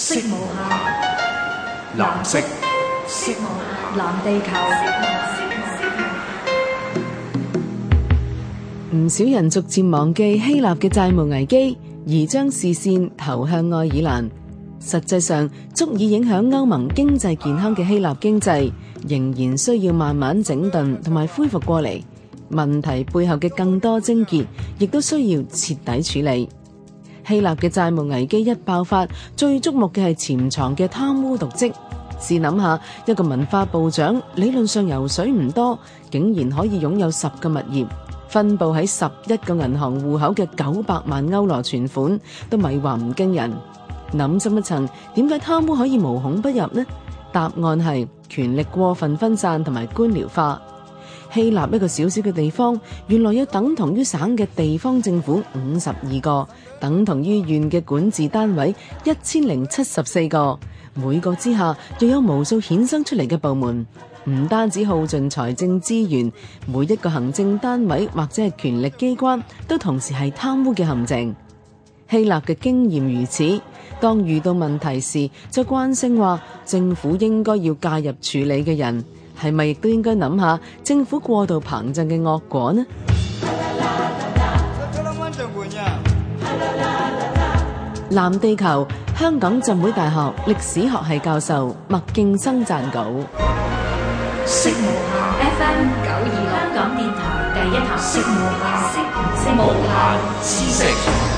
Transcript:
色無下藍色。色無藍，藍地球。唔少人逐漸忘記希臘嘅債務危機，而將視線投向愛爾蘭。實際上，足以影響歐盟經濟健康嘅希臘經濟，仍然需要慢慢整頓同埋恢復過嚟。問題背後嘅更多症結，亦都需要徹底處理。希臘嘅債務危機一爆發，最矚目嘅係潛藏嘅貪污瀆職。試諗下，一個文化部長理論上油水唔多，竟然可以擁有十個物業，分佈喺十一個銀行戶口嘅九百萬歐羅存款，都咪話唔驚人。諗深一層，點解貪污可以無孔不入呢？答案係權力過分分散同埋官僚化。希臘一個小小嘅地方，原來有等同於省嘅地方政府五十二個，等同於縣嘅管治單位一千零七十四個，每個之下又有無數衍生出嚟嘅部門，唔單止耗盡財政資源，每一個行政單位或者係權力機關都同時係貪污嘅陷阱。希臘嘅經驗如此。當遇到問題時，就關聲話政府應該要介入處理嘅人，係咪亦都應該諗下政府過度膨脹嘅惡果呢？藍 地球香港浸會大學歷史學系教授麥勁生撰稿。